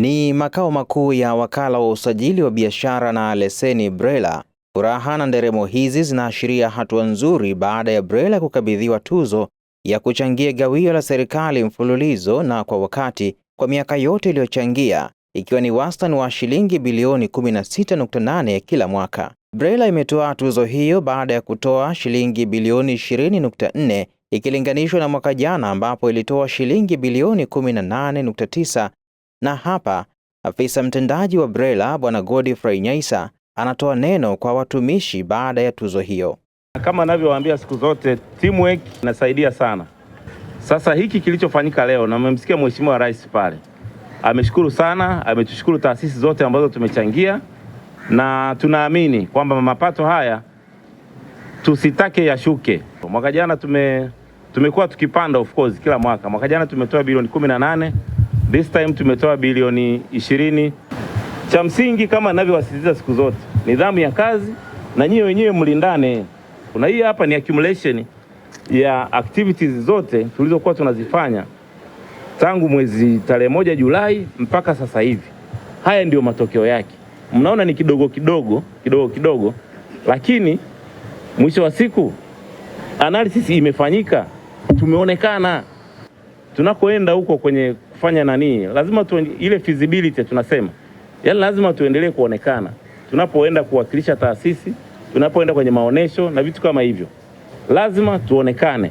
Ni makao makuu ya wakala wa usajili wa biashara na leseni BRELA. Furaha na nderemo hizi zinaashiria hatua nzuri baada ya BRELA kukabidhiwa tuzo ya kuchangia gawio la serikali mfululizo na kwa wakati kwa miaka yote iliyochangia ikiwa ni wastani wa shilingi bilioni 16.8 kila mwaka. BRELA imetoa tuzo hiyo baada ya kutoa shilingi bilioni 20.4 ikilinganishwa na mwaka jana ambapo ilitoa shilingi bilioni 18.9 na hapa afisa mtendaji wa BRELA Bwana Godfrey Nyaisa anatoa neno kwa watumishi baada ya tuzo hiyo. Kama anavyowaambia siku zote, teamwork inasaidia sana. Sasa hiki kilichofanyika leo, na mmemsikia Mheshimiwa Rais pale ameshukuru sana, ametushukuru taasisi zote ambazo tumechangia, na tunaamini kwamba mapato haya tusitake yashuke. Mwaka jana tume tumekuwa tukipanda of course kila mwaka. Mwaka jana tumetoa bilioni 18 This time tumetoa bilioni ishirini. Cha msingi kama ninavyowasisitiza siku zote, nidhamu ya kazi na nyie wenyewe mlindane. Kuna hii hapa ni accumulation ya activities zote tulizokuwa tunazifanya tangu mwezi tarehe moja Julai mpaka sasa hivi. Haya ndiyo matokeo yake, mnaona ni kidogo kidogo kidogo kidogo, lakini mwisho wa siku analysis imefanyika, tumeonekana tunakoenda huko kwenye kufanya nani, lazima tu ile feasibility tunasema, yani lazima tuendelee kuonekana tunapoenda kuwakilisha taasisi, tunapoenda kwenye maonesho na vitu kama hivyo, lazima tuonekane.